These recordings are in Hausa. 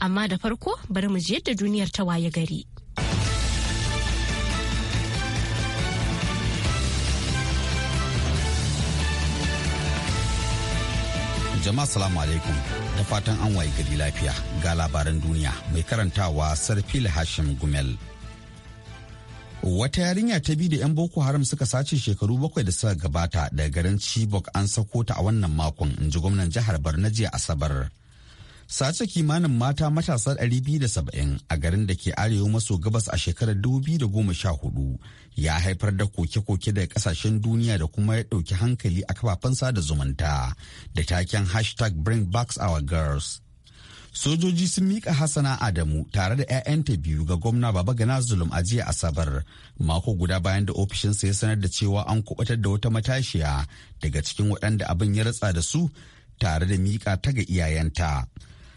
amma da farko bari mu ji yadda duniyar ta waye gari. jama'a salamu alaikum da fatan an waye gari lafiya ga labaran duniya mai karantawa sarfil hashim gumel wata yarinya ta biyu da 'yan boko haram suka sace shekaru bakwai da suka gabata daga garin chibok an sako ta a wannan makon in ji gwamnan jihar Barna jiya asabar sace kimanin mata matasa 270 a garin da ke arewa maso gabas a shekarar 2014 ya haifar da koke-koke daga kasashen duniya da kuma ya ɗauki hankali a kafafen sada zumunta da taken hashtag bring back our girls sojoji sun mika hasana adamu tare da 'ya'yanta biyu ga gwamna baba gana zulum a jiya asabar mako guda bayan da ofishinsa ya sanar da cewa an kubatar da wata matashiya daga cikin waɗanda abin ya ratsa da su tare da mika ta ga iyayenta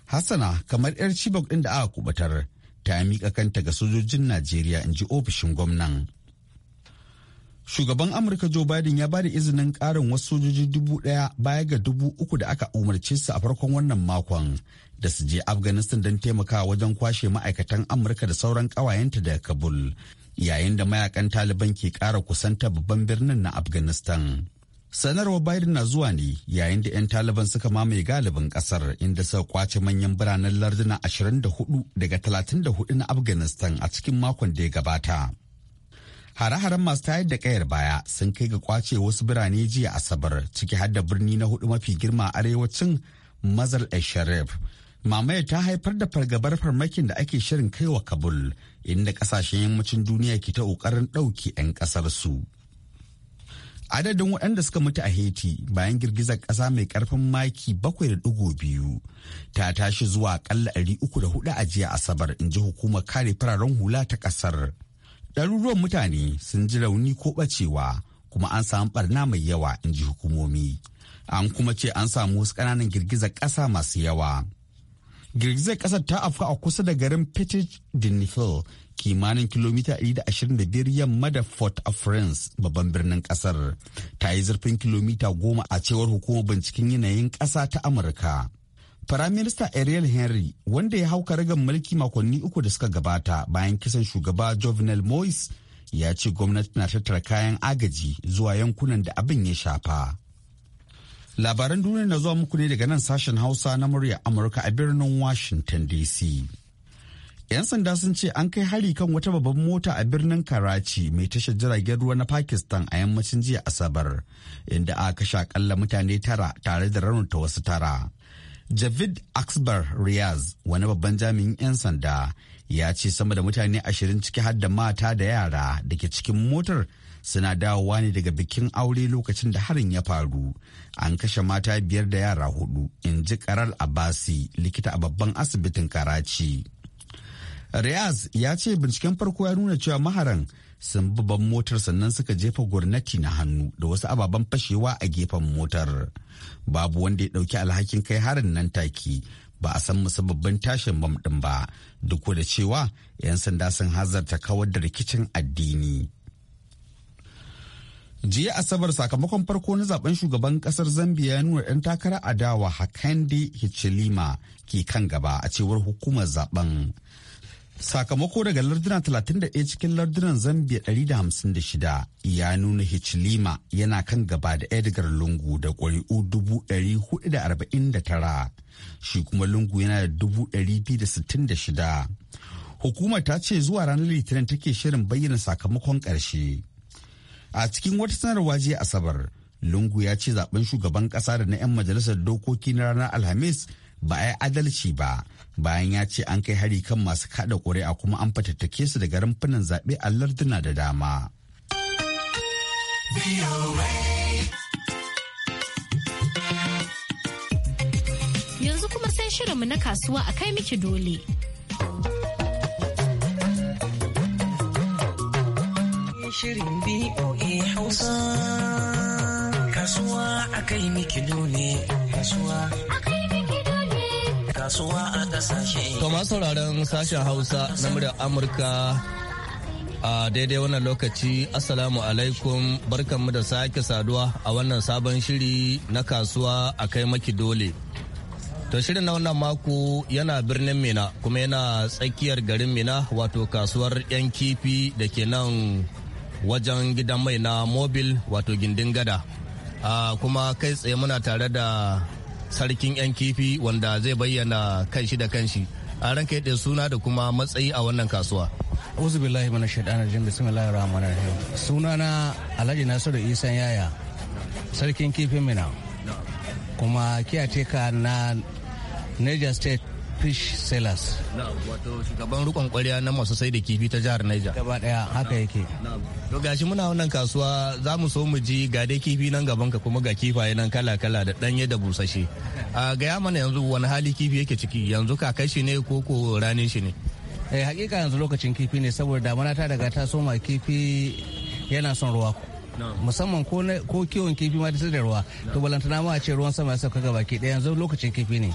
hassana kamar 'yar chibok ɗin da aka kubatar ta miƙa kanta ga sojojin najeriya in ji ofishin gwamnan shugaban amurka joe biden ya bada izinin ƙarin wasu sojoji dubu ɗaya baya ga dubu uku da aka umarce su a farkon wannan makon da su je afghanistan don taimakawa wajen kwashe ma'aikatan amurka da sauran ƙawayenta daga kabul yayin da mayakan taliban ke ƙara kusanta babban birnin na afghanistan sanarwar biden na zuwa ne yayin da 'yan taliban suka mamaye galibin kasar inda suka kwace manyan biranen larduna 24 daga 34 na afghanistan a cikin makon da ya gabata hare-haren masu tayar da kayar baya sun kai ga kwace wasu birane jiya asabar ciki har da birni na hudu mafi girma a arewacin mazar sharif mamaya ta haifar da fargabar farmakin da ake shirin kaiwa kabul inda kasashen yammacin duniya ke ta ƙoƙarin ɗauke 'yan ƙasar su. adadin waɗanda suka mutu a haiti bayan girgizar ƙasa mai ƙarfin maki 7.2 ta tashi zuwa ƙalla 304 a jiya asabar in ji hukumar kare fararen hula ta ƙasar ɗaruruwan mutane sun ji rauni ko ɓacewa kuma an samu ɓarna mai yawa in ji hukumomi an kuma ce an samu wasu ƙananan girgizar ƙasa masu yawa girgizar ƙasar ta afka a kusa da garin petit dinifil kimanin kilomita 125 yamma da Fort France babban birnin kasar ta yi zurfin kilomita goma a cewar hukumar binciken yanayin ƙasa ta Amurka. Firaminista Ariel Henry wanda ya hauka ragar mulki makonni uku da suka gabata bayan kisan shugaba Jovenel Moise ya ce gwamnati na tattara kayan agaji zuwa yankunan da abin ya shafa. Labaran duniya na zuwa muku ne daga nan sashen Hausa na murya Amurka a birnin Washington DC. 'Yan sanda sun ce an kai hari kan wata babban mota a birnin Karachi mai tashar jiragen ruwa na Pakistan a yammacin jiya Asabar, inda aka kashe akalla mutane tara tare da raunata wasu tara. Javid axbar Riaz, wani babban jami'in 'yan sanda, ya ce sama da mutane ashirin ciki har da mata da yara da ke cikin motar suna dawowa ne daga bikin aure lokacin da harin ya faru. An kashe mata biyar da yara hudu, in ji Karal Abasi, likita a babban asibitin Karachi. Reyes ya ce binciken farko ya nuna cewa maharan sun babban motar sannan suka jefa gwamnati na hannu da wasu ababen fashewa a gefen motar. Babu wanda ya ɗauki alhakin kai harin nan take ba a san musabbabin tashin bam ɗin ba duk da cewa 'yan sanda sun hazarta kawar da rikicin addini. jiya asabar sakamakon farko na zaben shugaban kasar zambia ya nuna ɗan takara adawa hakande hichilima ke kan gaba a cewar hukumar zaben sakamako daga larduna 31 cikin lardunan zambia 156 ya nuna hichilima yana kan gaba da edgar lungu da ƙuri'u 449 shi kuma lungu yana da 266 hukumar ta ce zuwa ranar litinin take shirin bayyana sakamakon ƙarshe a cikin wata sanarwa jiya asabar lungu ya ce zaben shugaban ƙasa da na 'yan majalisar dokoki na ranar alhamis ba a yi adalci ba bayan ya ce an kai hari kan masu kada ƙuri'a kuma an fatattake su daga rumfunan zaɓe a larduna da dama. Yanzu kuma sai shirinmu na kasuwa a kai miki dole. Shirin BOA Hausa Kasuwa a kai miki dole Kasuwa a kai kasuwa a kasashe. To sauraron sashen Hausa na muryar Amurka a daidai wannan lokaci assalamu alaikum barkanmu da sake saduwa a wannan sabon shiri na kasuwa a kai maki dole. To shirin na wannan mako yana birnin Mina kuma yana tsakiyar garin Mina wato kasuwar 'yan kifi da ke nan wajen gidan mai na mobil wato gindin gada. Uh, kuma kai tsaye muna tare da sarkin 'yan kifi wanda zai bayyana kanshi da kanshi a ranka yadda suna da kuma matsayi a wannan kasuwa uzu billahi mana shaidan arjin bismillahir rahmanir rahim na alhaji nasiru isan yaya sarkin kifin mina kuma kiyateka na niger state fish sellers wato shugaban rukon kwarya na masu sai da kifi ta jihar Niger gaba daya haka yake to gashi muna wannan kasuwa za mu so mu ji ga dai kifi nan gaban ka kuma ga kifaye nan kala kala da danye da busashe gaya mana yanzu wani hali kifi yake ciki yanzu kai shi ne ko ko ranin shi ne eh hakika yanzu lokacin kifi ne saboda damana ta daga ta soma kifi yana son ruwa musamman ko kiwon kifi ma da da ruwa to balantana ma a ce ruwan sama ya sauka ga baki ɗaya yanzu lokacin kifi ne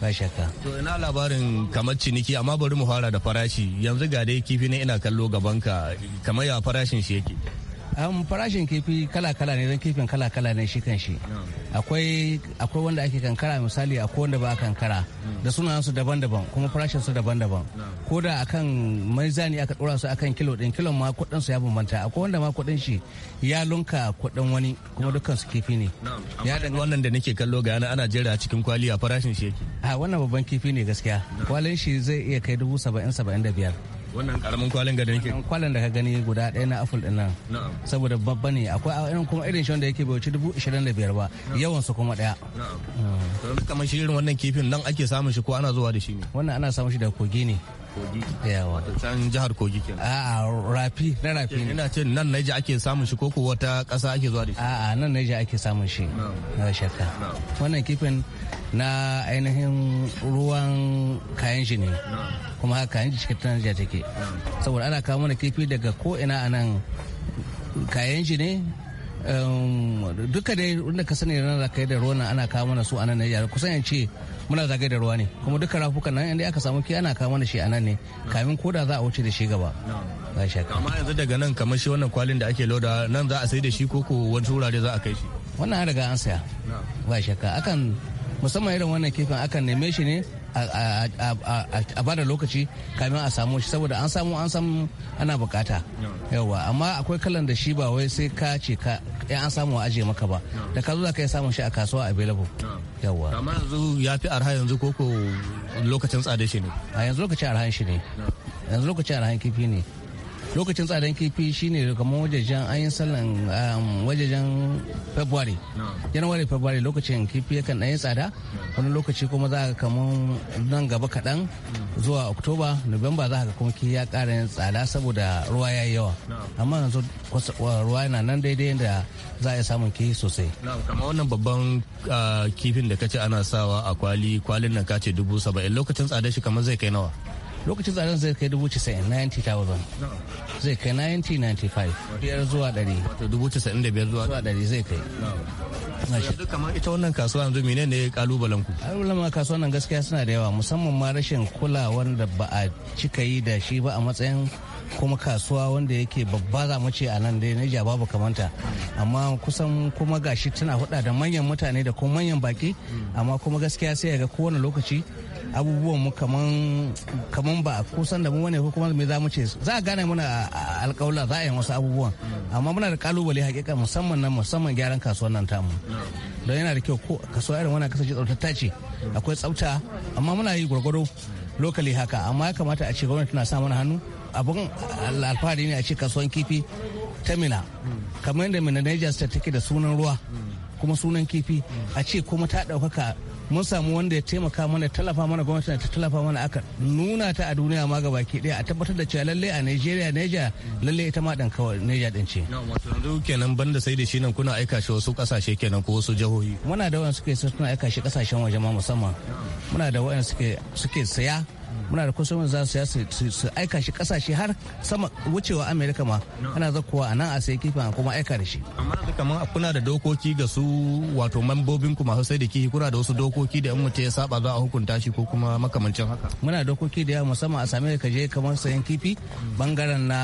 ba shakka to ina labarin kamar ciniki amma bari mu fara da farashi yanzu ga dai kifi ne ina kallo gaban ka kamar ya farashin shi yake farashin kifi kala-kala ne don kifin kala-kala ne shi kan shi akwai wanda ake kankara misali akwai wanda ba kankara da sunayen su daban-daban kuma farashin su daban-daban ko da akan zani aka dora su akan kilo din kilon ma kudin su ya bambanta akwai wanda ma kudin shi ya lunka kudin wani kuma dukkan su kifi ne ya daga wannan da nake kallo ga ana jera cikin kwali a farashin shi yake a wannan babban kifi ne gaskiya kwalin shi zai iya kai dubu saba'in saba'in da biyar wannan karamin kwalin ga da kwalin da ka gani guda ɗaya na apple din nan saboda babba ne akwai irin kuma irin shi wanda yake bai wuce dubu ishirin da biyar ba yawan su kuma ɗaya kamar shi irin wannan kifin nan ake samun shi ko ana zuwa da shi ne wannan ana samun shi da kogi ne kogi yawa can jihar kogi kenan a'a rafi na rafi ne ina ce nan naija ake samun shi koko wata kasa ake zuwa da shi a'a nan naija ake samun shi na shakka wannan kifin na ainihin ruwan kayan shi ne kuma haka kayan shi cikin naija take saboda ana kawo mana kifi daga ko ina a nan kayan shi ne um, duka dai wanda ka sani ran kai da ruwan ana kawo mana su a nan naija kusan yance muna zagaye da ruwa ne kuma duka rafukan nan inda aka samu kiya ana kawo mana shi a nan ne kamin koda za a wuce da shi gaba ba shakka amma yanzu daga nan kamar shi wannan kwalin da ake loda nan za a sai da shi ko ko wani wurare za a kai shi wannan an riga an saya ba shakka akan musamman irin wannan kifin akan neme shi ne a bada lokaci kamin a samu shi saboda an samu an samu ana bukata yawa amma akwai kalan da shi ba wai sai ka ce ka ya eh, an samu a aje maka ba da ka zo za ka yi samun shi a kasuwa available yawa amma yanzu ya fi arha yanzu koko lokacin tsada shi ne a yanzu lokacin arha shi ne yanzu lokacin arha kifi ne lokacin tsadan kifi shine kamar wajejen ayin sallan um, wajajen february january february lokacin kifi yakan ɗanyi tsada wani lokaci kuma za ka kamar nan gaba kaɗan zuwa october november za ka kuma ya ƙara yin tsada saboda ruwa ya yi yawa amma yanzu ruwa yana nan daidai da za a yi samun kifi sosai kamar wannan babban uh, kifin da kace ana sawa a kwali kwalin nan kace dubu saba'in lokacin tsada shi kamar zai kai nawa lokacin tsarin zai kai dubu 90,000 zai kai 90,95 biyar zuwa dari. dubu da biyar zuwa ɗari zai kai kamar ita wannan kasuwa yanzu mine ne kalubalen ku kalubalen ma kasuwa nan gaskiya suna da yawa musamman ma rashin kula wanda ba a cika yi da shi ba a matsayin kuma kasuwa wanda yake babba za mu ce a nan dai Niger babu kamanta amma kusan kuma gashi tana hudu da manyan mutane da kuma manyan baki hmm. amma kuma gaskiya sai ga kowane lokaci abubuwan mu kaman kaman ba kusan da mu wane ko kuma me za mu ce za a gane muna alƙawla za a yi wasu abubuwan amma muna da kalubale hakika musamman nan musamman gyaran kasuwar nan tamu don yana da kyau ko kasuwa irin wannan kasance tsaftata ce akwai tsafta amma muna yi gwargwado lokali haka amma ya kamata a ce gwamnati tana sa mana hannu abin alfahari ne a ce kasuwan kifi ta mina kamar yadda mina niger state take da sunan ruwa kuma sunan kifi a ce kuma ta ɗaukaka mun samu wanda ya taimaka mana tallafa mana gwamnati ta tallafa mana aka nuna ta a duniya ma ga baki daya a tabbatar da cewa lalle a Nigeria Niger lalle ita ma dan kawai Niger din ce na wato kenan banda sai da shi nan kuna aika shi wasu kasashe kenan ko wasu jihohi muna da wayan suke suna aika shi kasashen waje ma musamman muna da wayan suke suke saya muna da kusurmin za su aika shi kasashe har sama wucewa amerika ma ana kuwa a nan a sai kifin a kuma aika da shi amma da kamar kuna da dokoki ga su wato mambobin ku masu sai da kifi kuna da wasu dokoki da yan mutum ya saba za a hukunta shi ko kuma makamancin haka muna dokoki da yawa musamman a sami ka je kamar sayan kifi bangaren na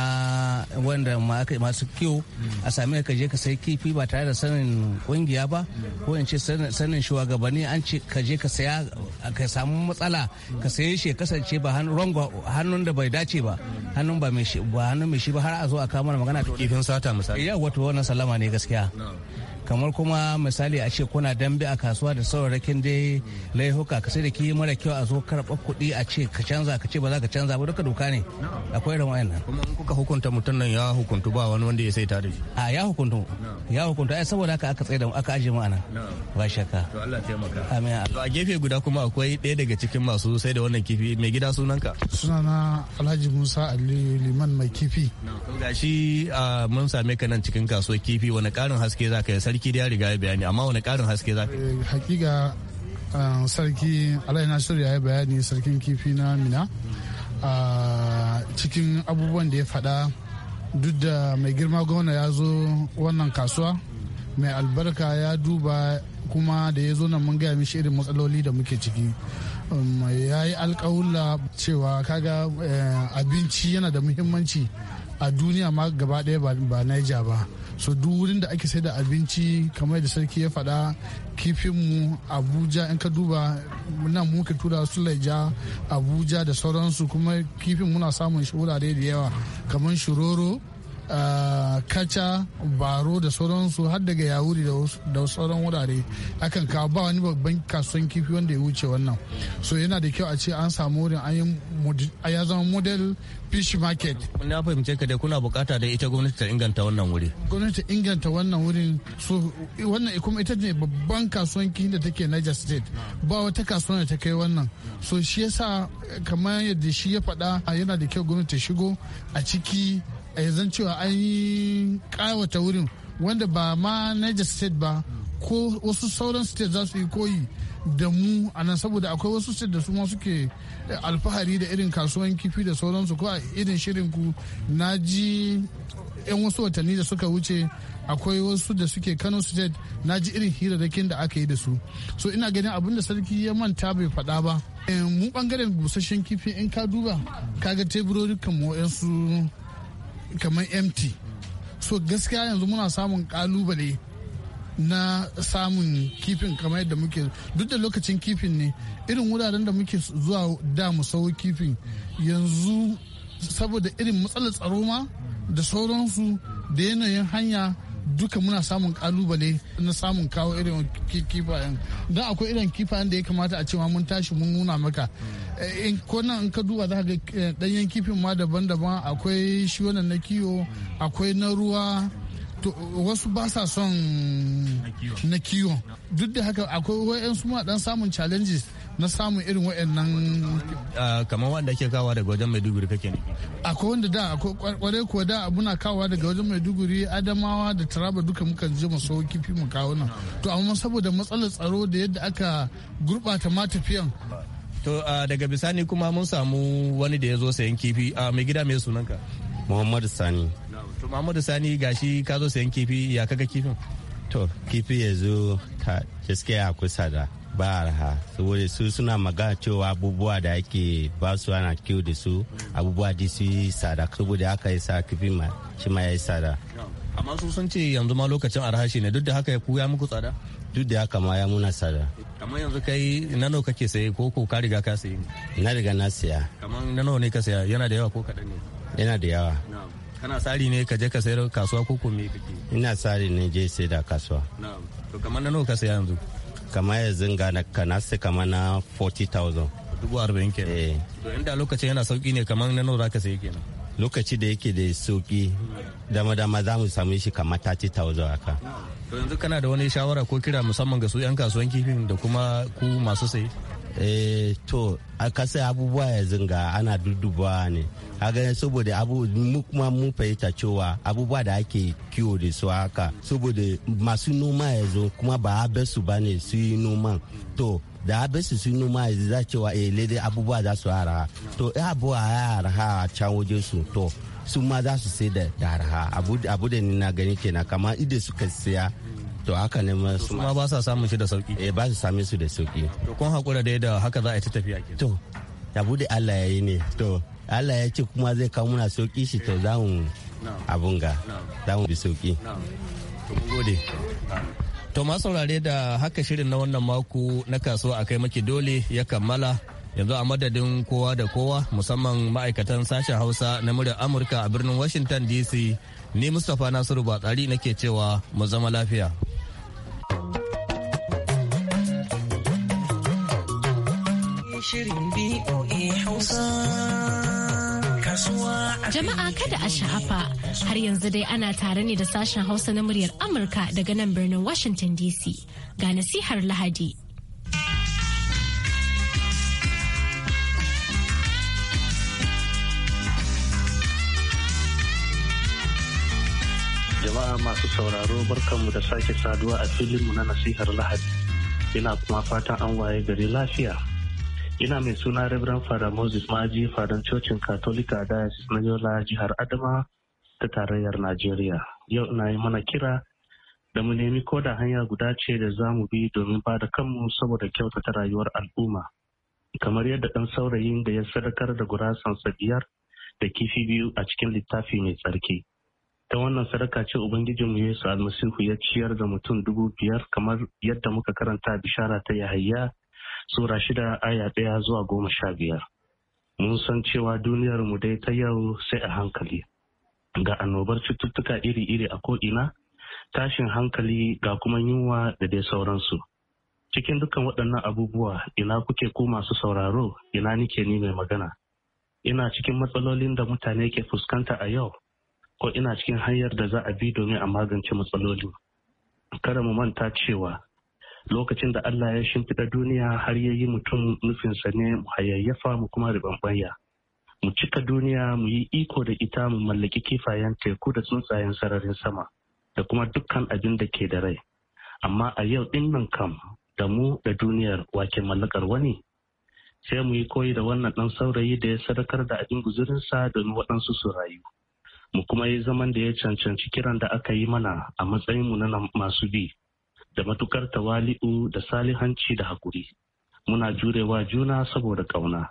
wanda masu kiwo a sami ka je ka sayi kifi ba tare da sanin kungiya ba ko in ce sanin shugabanni an ce ka je ka saya ka samu matsala ka saye shi ya kasance ce ba hannun da bai dace ba hannun ba mai shi ba har a zo a kawo mana magana to kifin sata misali yawa to wannan sallama ne gaskiya kamar kuma misali a ce kuna dambe a kasuwa da sauraron dai laihuka ka sai da ki mara kyau a zo karɓar kuɗi a ce ka canza ka ce ba za ka canza ba duka doka ne akwai irin wayannan kuma in kuka hukunta mutum nan ya hukuntu ba wani wanda ya sai ta da a ya hukuntu ya hukuntu ai saboda haka aka tsaye da aka aje mu anan ba shakka to Allah taimaka amin a gefe guda kuma akwai ɗaya daga cikin masu sai da wannan kifi mai gida sunanka sunana Alhaji Musa Aliyu Liman mai kifi gashi ah, mun same ka nan cikin kasuwar kifi wani ƙarin haske za ka yi sarki da ya riga ya bayani amma wani karin haske za ka eh, hakika ah, sarki na nasiru ya yi bayani sarkin kifi na mina ah, cikin abubuwan da ya faɗa duk da mai girma gwamna ya zo wannan kasuwa mai albarka ya duba kuma da ya zo nan mun gaya mishi irin matsaloli da muke ciki um, ya yi alkawula cewa kaga eh, abinci yana da muhimmanci a duniya ma gaba ɗaya ba Niger ba so duk wurin da ake da abinci kamar da sarki ya faɗa kifinmu abuja in ka duba nan muka tura su laija abuja da sauransu kuma kifin muna samun shi wurare da yawa kamar shiroro kaca baro da sauransu har daga yahudi da sauran wurare akan kawo ba wani babban kasuwan kifi wanda ya wuce wannan so yana da kyau a ce an samu wurin a ya zama model fish market na fahimce ka da kuna bukata da ita gwamnati ta inganta wannan wuri gwamnati ta inganta wannan wurin so wannan kuma ita ne babban kasuwan kifi da take Niger state ba wata kasuwan da ta kai wannan so shi yasa kamar yadda shi ya faɗa yana da kyau gwamnati ta shigo a ciki a zan cewa an yi kawata wurin wanda ba ma Niger state ba ko wasu sauran state za su yi koyi da mu a nan saboda akwai wasu state da su ma suke alfahari da irin kasuwan kifi da sauransu ko a irin shirin na ji yan wasu watanni da suka wuce akwai wasu da suke kano state na ji irin hirarrakin da aka yi da su so ina ganin abinda sarki ya manta bai faɗa ba eh, mu bangaren busasshen kifi in ka duba kaga teburorin kan mu kamar mt so gaskiya yanzu muna samun kalubale na samun kifin kamar yadda muke duk da lokacin kifin ne irin wuraren da muke zuwa da mu sau kifin yanzu saboda irin matsalar tsaro ma da sauransu da yanayin hanya duka muna samun kalubale na samun kawo irin kifayen don akwai irin kifayen da ya kamata a cewa mun tashi mun nuna maka Eh, in konan in ka duba za ka eh, ɗanyen kifin ma daban-daban akwai shi wannan na kiwo akwai na ruwa wasu ba sa son na kiwo duk da haka akwai wa'yansu ma dan samun challenges na samun irin nan. Ah, kamar wanda ake kawa daga wajen maiduguri kake ne akwai wanda da akwai kware kuwa da muna kawa daga wajen maiduguri adamawa da taraba duka mukan je mu sau kifi mu kawo nan to amma saboda matsalar tsaro da yadda aka gurbata ma tafiyan to daga bisani kuma mun samu wani da ya zo sayan kifi a mai gida mai sunanka muhammadu sani to muhammadu sani gashi ka zo sayan kifi ya kaga kifin to kifi ya zo a kusa da ba arha saboda su suna magana cewa abubuwa da ake ba su ana kiwo da su abubuwa da su yi tsada saboda haka ya sa kifi ma shi ma ya yi sada amma sun ce yanzu ma lokacin arha shi ne duk da haka ya kuya muku tsada duk da haka ma ya muna sada kamar yanzu kai na nawa kake saye ko ko ka riga ka saye na riga na siya kamar na ne ka saya yana da yawa ko kaɗan ne yana da yawa kana tsari ne ka je ka sayar kasuwa ko ko me kake ina tsari ne je sai da kasuwa to kamar na nawa ka saya yanzu kamar yanzu ga na kana sai kamar na 40000 dubu arba'in kenan eh. to inda lokacin yana sauki ne kamar na nawa zaka sayi kenan lokaci da yake da sauki hmm. dama dama za mu samu shi kamar 30,000 haka to yanzu kana da wani shawara ko kira musamman ga su 'yan kasuwan kifin da kuma ku masu saye eh to a kasa abubuwa ya zinga ana dudduba ne haga saboda abu mu kuma mun fahimta cewa abubuwa da ake kiwo da su haka saboda masu noma ya zo kuma ba a su ba ne su yi noma. to da a su su noma ya za cewa eh lede abubuwa za su hara to eh abubuwa ya hara a can waje su to su ma za su sai da daraha abu da ni na gani kenan kama ide suka siya to haka ne ma su ma ba sa samun shi da sauki eh ba su same su da sauki to kun hakura da yadda haka za a ci tafiya ke to abu da Allah ya yi ne to Allah ya ce kuma zai kawo muna sauki shi to za mu abun ga za mu bi sauki to mun gode to ma saurare da haka shirin na wannan mako na kasuwa akai maki dole ya kammala yanzu a madadin kowa da kowa musamman ma'aikatan sashen hausa na muryar amurka a birnin washington dc ni mustapha nasiru batsari nake cewa mu zama lafiya Jama'a kada a sha'afa har yanzu dai ana tare ne da sashen hausa na muryar Amurka daga nan birnin Washington DC ga nasihar Lahadi. masu sauraro barkanmu da sake saduwa a filinmu na nasihar Lahadi. Ina kuma fatan an waye gari lafiya. Ina mai suna Reverend Father Moses Maji Fadan Cocin Katolika da na Yola Jihar Adama ta Tarayyar Najeriya. Yau ina yi mana kira da mu nemi ko da hanya guda ce da za mu bi domin ba da kanmu saboda kyautata rayuwar al'umma. Kamar yadda ɗan saurayin da ya sadakar da gurasansa biyar da kifi biyu a cikin littafi mai tsarki. ta wannan sadaka ce ubangijin mu yesu almasihu ya ciyar da mutum dubu biyar kamar yadda muka karanta bishara ta yahaya sura shida aya ɗaya zuwa goma sha biyar mun san cewa duniyar mu dai ta yau sai a hankali ga annobar cututtuka iri-iri a ko'ina tashin hankali ga kuma yunwa da dai sauransu cikin dukkan waɗannan abubuwa ina kuke ku masu sauraro ina nike ni mai magana ina cikin matsalolin da mutane ke fuskanta a yau ko ina cikin hanyar da za a bi domin a magance matsaloli. Kada mu manta cewa lokacin da Allah ya shimfiɗa duniya har ya yi mutum nufinsa ne mu hayayyafa mu kuma ribambanya. Mu cika duniya mu yi iko da ita mu mallaki kifayen teku da tsuntsayen sararin sama da kuma dukkan abin da ke da rai. Amma a yau ɗin nan kam da mu da duniyar wake mallakar wani sai mu yi koyi da wannan ɗan saurayi da ya sadakar da abin guzurinsa domin waɗansu su rayu. mu kuma yi zaman da ya cancanci kiran da aka yi mana a matsayin mu na masu bi da matukar tawali'u da salihanci da hakuri muna jurewa juna saboda ƙauna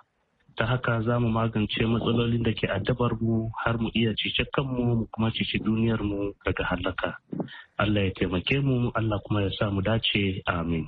ta haka za mu magance matsalolin da ke addabar mu har mu iya cice kanmu mu kuma cici duniyar mu daga halaka Allah ya taimake mu Allah kuma ya sa mu dace amin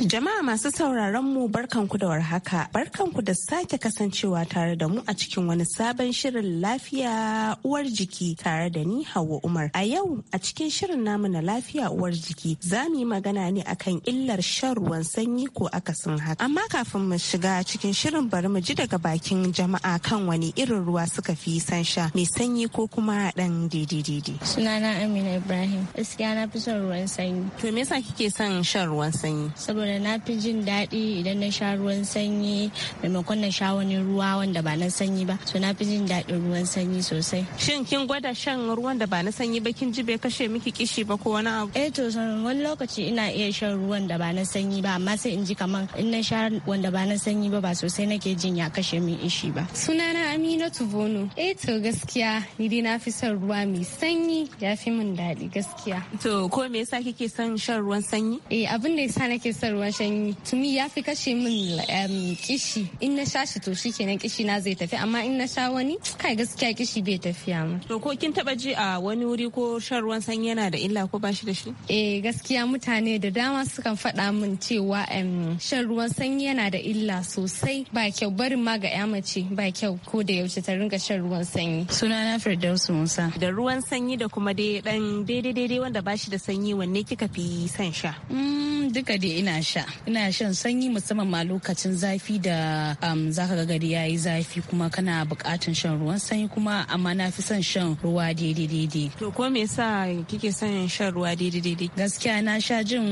Jama'a masu sauraron mu barkanku da warhaka. Barkanku da sake kasancewa tare da mu a cikin wani sabon shirin lafiya uwar jiki tare da ni Hauwa Umar. A yau a cikin shirin namu na lafiya uwar jiki za mu yi magana ne akan illar shan ruwan sanyi ko akasin haka. Amma kafin mu shiga cikin shirin bari mu ji daga bakin jama'a kan wani irin ruwa suka fi san sha mai sanyi ko kuma dan didididi Sunana Amina Ibrahim. Gaskiya na fi son ruwan sanyi. To me yasa kike son shan ruwan sanyi? saboda na fi jin daɗi idan na sha ruwan sanyi maimakon na sha wani ruwa wanda ba na sanyi ba so na fi jin daɗin ruwan sanyi sosai shin kin gwada shan ruwan da ba na sanyi ba kin ji bai kashe miki kishi ba ko wani abu eh to wani lokaci ina iya shan ruwan da ba na sanyi ba amma sai in ji kaman in na sha wanda ba na sanyi ba ba sosai nake jin ya kashe min ishi ba sunana Aminatu Bono eh to gaskiya ni dai na fi son ruwa mai sanyi ya fi min daɗi gaskiya to ko me yasa kike son shan ruwan sanyi eh abin da yasa nake son ruwan sanyi tumi ya fi kashe min kishi in na sha shi to shikenan kishi na zai tafi amma in na sha wani kai gaskiya kishi bai tafiya mu to ko kin taba ji a wani wuri ko shan ruwan sanyi yana da illa ko ba shi da shi eh gaskiya mutane da dama sukan faɗa min cewa shan ruwan sanyi yana da illa sosai ba kyau barin ma ga ya mace ba kyau ko da yaushe ta ringa shan ruwan sanyi sunana firdausu musa da ruwan sanyi da kuma dai dan daidai daidai wanda ba shi da sanyi wanne kika fi san sha mm, duka dai ina sha ina shan sanyi musamman ma lokacin zafi da um, zaka ga gari yayi zafi kuma kana bukatan shan ruwan sanyi kuma amma na fi son shan ruwa daidai daidai to ko me yasa kike son shan ruwa daidai daidai gaskiya na sha jin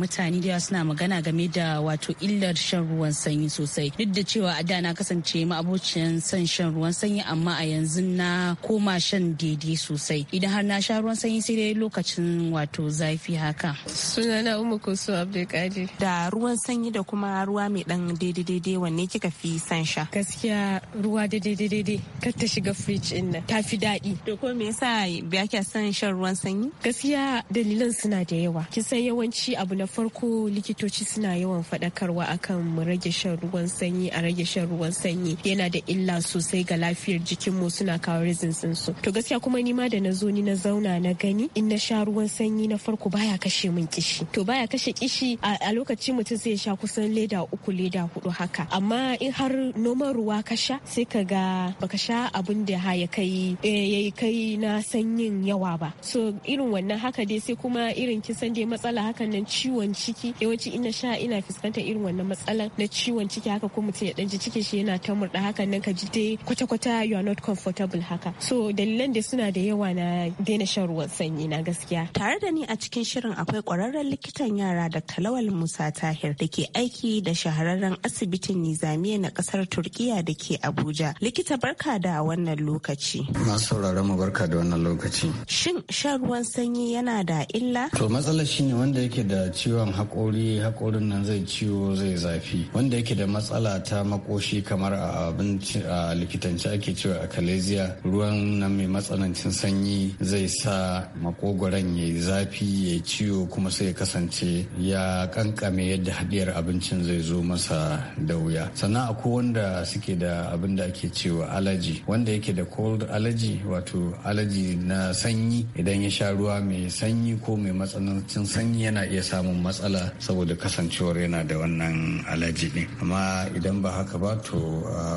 mutane da suna magana game da wato illar shan ruwan sanyi sosai duk da cewa a da na kasance abocin son shan ruwan sanyi amma a yanzu na koma shan daidai sosai idan har na sha ruwan sanyi sai dai lokacin wato zafi haka sunana umu kusu abdulkadir da ruwan sanyi da kuma ruwa mai dan daidai daidai wanne kika fi san sha gaskiya ruwa daidai daidai kar ta shiga fridge din nan ta fi daɗi to ko me yasa ba kya san shan ruwan sanyi gaskiya dalilan suna da yawa kisan yawanci abu na farko likitoci suna yawan faɗakarwa akan mu rage shan ruwan sanyi a rage shan ruwan sanyi yana da illa sosai ga lafiyar jikinmu suna kawo rizinsin su to gaskiya kuma ni ma da na zo ni na zauna na gani in na sha ruwan sanyi na farko baya kashe min kishi to baya kashe kishi a lokaci mutum zai sha kusan leda uku leda hudu haka amma in har noman ruwa ka sha sai ka ga baka sha abin da ya kai eh, ya kai na sanyin yawa ba so irin wannan haka dai sai kuma irin kisan dai matsala hakan nan ciwon ciki yawanci ina sha ina fuskantar irin wannan matsala na ciwon ciki haka ko mutum ya dan ji ciki shi yana ta murda hakan nan ka ji dai kwata-kwata you are not comfortable haka so dalilan da suna da yawa na daina shan ruwan sanyi na gaskiya tare da ni a cikin shirin akwai kwararren likitan yara da talawal mu Musa Tahir da ke aiki da shahararren asibitin Nizamiya na kasar Turkiya da ke Abuja. Likita barka da wannan lokaci. Masu sauraron mu barka da wannan lokaci. Shin shan ruwan sanyi yana da illa? To matsalar shine wanda yake da ciwon haƙori haƙorin nan zai ciwo zai zafi wanda yake da matsala ta makoshi kamar a abinci a likitance ake cewa kaleziya ruwan nan mai matsanancin sanyi zai sa makogwaron ya yi zafi ya ciwo kuma sai ya kasance ya kan kame yadda hadiyar abincin zai zo masa da wuya sannan akwai wanda suke da abin da ake cewa alaji wanda yake da cold alaji wato alaji na sanyi idan ya sha ruwa mai sanyi ko mai matsanancin sanyi yana iya samun matsala saboda kasancewar yana da wannan alaji ne amma idan ba haka ba to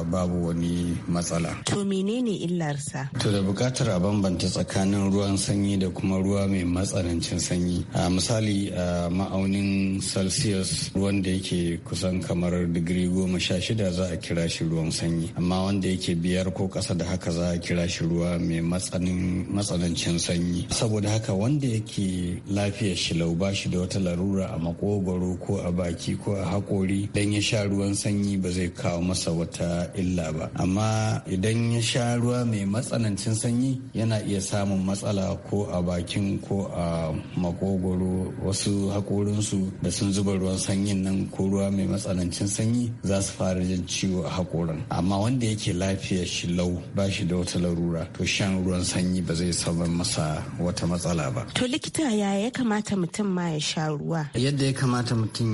babu wani matsala to menene illarsa to da bukatar a bambanta tsakanin ruwan sanyi da kuma ruwa mai matsanancin sanyi misali ma'aunin sal celsius ruwan da yake kusan kamar digiri goma sha shida za a kira shi ruwan sanyi amma wanda yake biyar ko kasa da haka za a kira shi ruwa mai matsanancin sanyi saboda haka wanda yake lafiyar shi ba shi da wata larura a makogwaro ko a baki ko a haƙori idan ya sha ruwan sanyi ba zai kawo masa wata illa ba amma idan ya sha ruwa mai matsanancin sanyi yana iya samun matsala ko a bakin ko a makogwaro wasu haƙorinsu da sun zuba ruwan sanyin nan ko ruwa mai matsanancin sanyi za su fara jin ciwo a haƙoran amma wanda yake lafiya shi lau ba shi da wata larura to shan ruwan sanyi ba zai saba masa wata matsala ba to likita ya ya kamata mutum ma ya sha ruwa yadda ya kamata mutum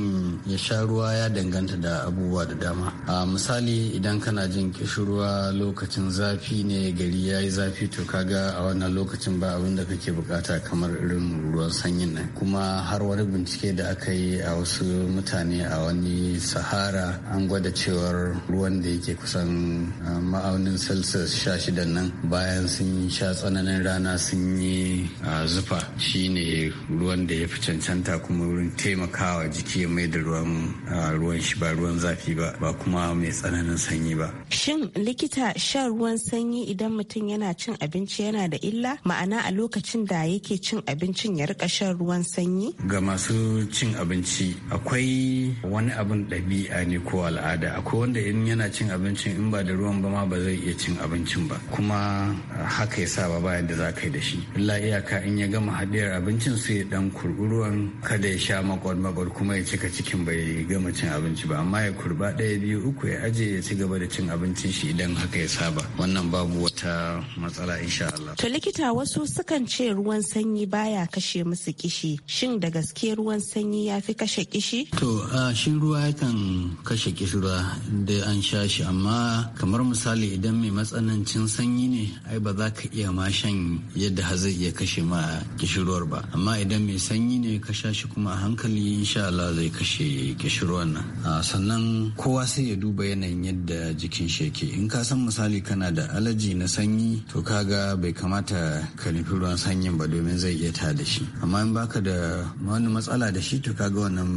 ya sha ruwa ya danganta da abubuwa da dama a misali idan kana jin kishirwa lokacin zafi ne gari ya yi zafi to kaga a wannan lokacin ba abin da kake bukata kamar irin ruwan sanyin nan kuma har wani bincike da aka yi a wasu mutane a wani sahara an gwada cewar ruwan da yake kusan ma'aunin celsius sha shida nan bayan sun sha tsananin rana sun yi zufa shine ruwan da ya fi cancanta kuma wurin taimakawa jiki ya mai da ruwan shi ba ruwan zafi ba ba kuma mai tsananin sanyi ba shin likita shan ruwan sanyi idan mutum yana cin abinci yana da illa ma'ana a lokacin da yake cin abincin ya rika shan ruwan sanyi ga masu cin abinci abinci akwai wani abin ɗabi'a ne ko al'ada akwai wanda in yana cin abincin in ba da ruwan ba ma ba zai iya cin abincin ba kuma ah, haka ya sa ba yadda za ka yi da shi illa iyaka in ya gama haɗiyar abincin su ya dan kurɓi kada ya sha makon makwar kuma ya cika cikin bai gama cin abinci ba amma ya kurba ɗaya biyu uku ya aje ya ci gaba da cin abincin shi idan haka ya saba wannan babu wata matsala insha Allah. To likita wasu sukan ce ruwan sanyi baya kashe musu kishi shin da gaske ruwan sanyi ya fi kashe kashe kishi? To, a shi ruwa yakan kashe ruwa da an sha shi amma kamar misali idan mai matsanancin sanyi ne ai ba za ka iya ma shan yadda zai iya kashe ma kishirwar ba amma idan mai sanyi ne ka sha shi kuma a hankali insha Allah zai kashe kishirwar nan sannan kowa sai ya duba yanayin yadda jikin shi yake in ka san misali kana da alaji na sanyi to ka ga bai kamata ka nufi ruwan sanyin ba domin zai iya ta da shi amma in baka da wani matsala da shi to kaga wannan nan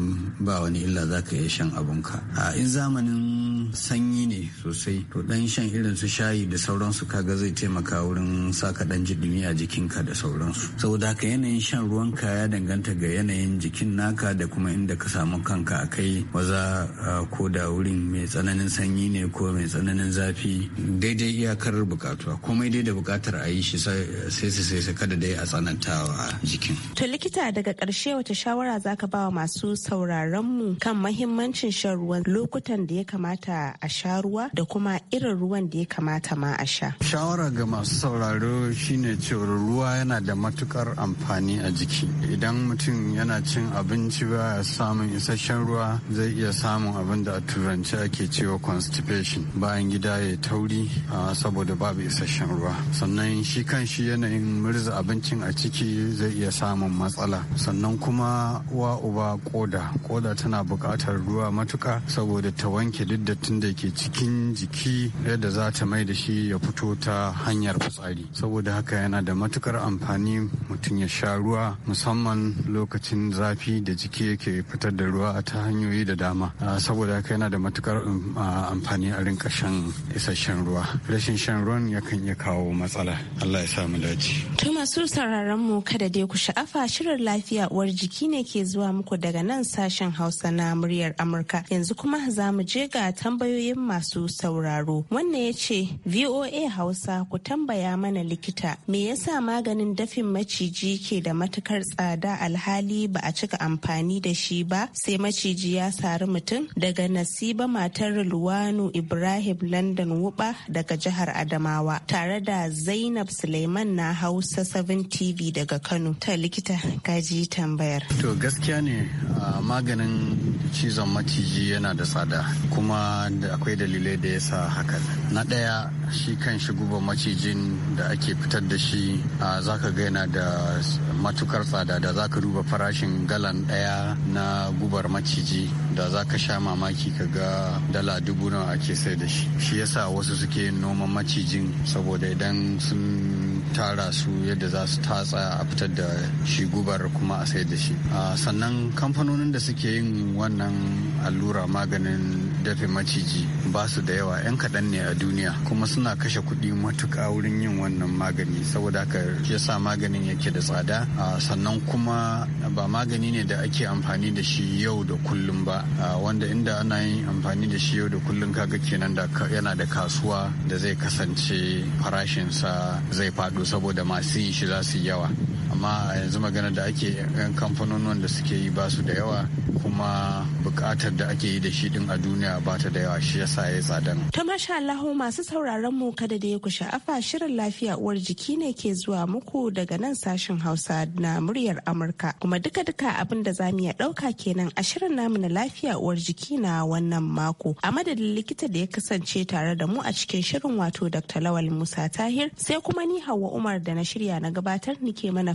ba wani illa zaka ka iya shan abunka a in zamanin sanyi ne sosai to dan shan irin su shayi da sauransu kaga zai taimaka wurin saka dan dumi a jikinka da sauransu saboda haka yanayin shan ruwanka ya danganta ga yanayin jikin naka da kuma inda ka samu kanka a kai waza ko da wurin mai tsananin sanyi ne ko mai tsananin zafi daidai iyakar bukatuwa komai dai da bukatar a yi shi sai su sai su kada dai a tsanantawa jikin to likita daga karshe wata shawara zaka ba wa masu sauraron mu kan mahimmancin shan ruwan lokutan da ya kamata a sha ruwa da kuma irin ruwan da ya kamata ma a sha. Shawara ga masu sauraro shine cewar ruwa yana da matukar amfani a jiki. Idan mutum yana cin abinci ba samun isasshen ruwa zai iya samun abin da a turanci ake cewa constipation bayan gida ya tauri saboda babu isasshen ruwa. Sannan shi kan shi yanayin murza abincin a ciki zai iya samun matsala. Sannan kuma wa uba koda koda tana buƙatar ruwa matuka saboda ta wanke duk lokacin da ke cikin jiki yadda za ta mai da shi ya fito ta hanyar fitsari saboda haka yana da matukar amfani mutum ya sha ruwa musamman lokacin zafi da jiki yake fitar da ruwa ta hanyoyi da dama saboda haka yana da matukar um, amfani a rinka shan isasshen ruwa rashin shan ruwan yakan iya kawo matsala allah ya sa mu dace to masu sauraron mu kada dai ku sha'afa shirin lafiya uwar jiki ne ke zuwa muku daga nan sashen hausa na muryar amurka yanzu kuma za mu je ga tambar tambayoyin masu sauraro. Wannan ya ce VOA Hausa ku tambaya mana likita me yasa maganin dafin maciji ke da matukar tsada alhali ba a cika amfani da shi ba sai maciji ya sari mutum daga nasiba matar Luwanu Ibrahim London Wuba daga jihar Adamawa tare da Zainab Suleiman na Hausa 7 TV daga Kano. Ta likita kaji tambayar. To gaskiya ne maganin cizon maciji yana da tsada kuma akwai dalilai da ya sa hakan na ɗaya shi kan shi guba macijin da ake fitar da shi a zaka ga yana da matukar tsada da zaka duba farashin galan daya na gubar maciji da zaka sha mamaki ka ga dala dubu nawa ake sai da shi shi yasa wasu suke noman macijin saboda idan sun tara su yadda za su tatsa a fitar da shi gubar kuma a sai da shi sannan kamfanonin da suke yin wannan allura maganin dafe maciji ba su da yawa 'yan kaɗan ne a duniya kuma sun suna kashe kuɗi matuƙa wurin yin wannan magani saboda haka yasa maganin yake da tsada sannan kuma ba magani ne da ake amfani da shi yau da kullum ba wanda inda ana yin amfani da shi yau da kullum kaga kenan da yana da kasuwa da zai kasance farashinsa zai fado saboda masu yin shi za su yawa amma a yanzu magana da ake yan kamfanonin da suke yi ba su da yawa kuma bukatar da ake yi da shi din a duniya ba ta da yawa shi yasa ya tsadan. ta masha allahu masu sauraron mu kada da ya ku sha'afa shirin lafiya uwar jiki ne ke zuwa muku daga nan sashen hausa na muryar amurka kuma duka-duka abin da za mu iya ɗauka kenan a shirin namu na lafiya uwar jiki na wannan mako a madadin likita da ya kasance tare da mu a cikin shirin wato dr lawal musa tahir sai kuma ni hawa umar da na shirya na gabatar nike mana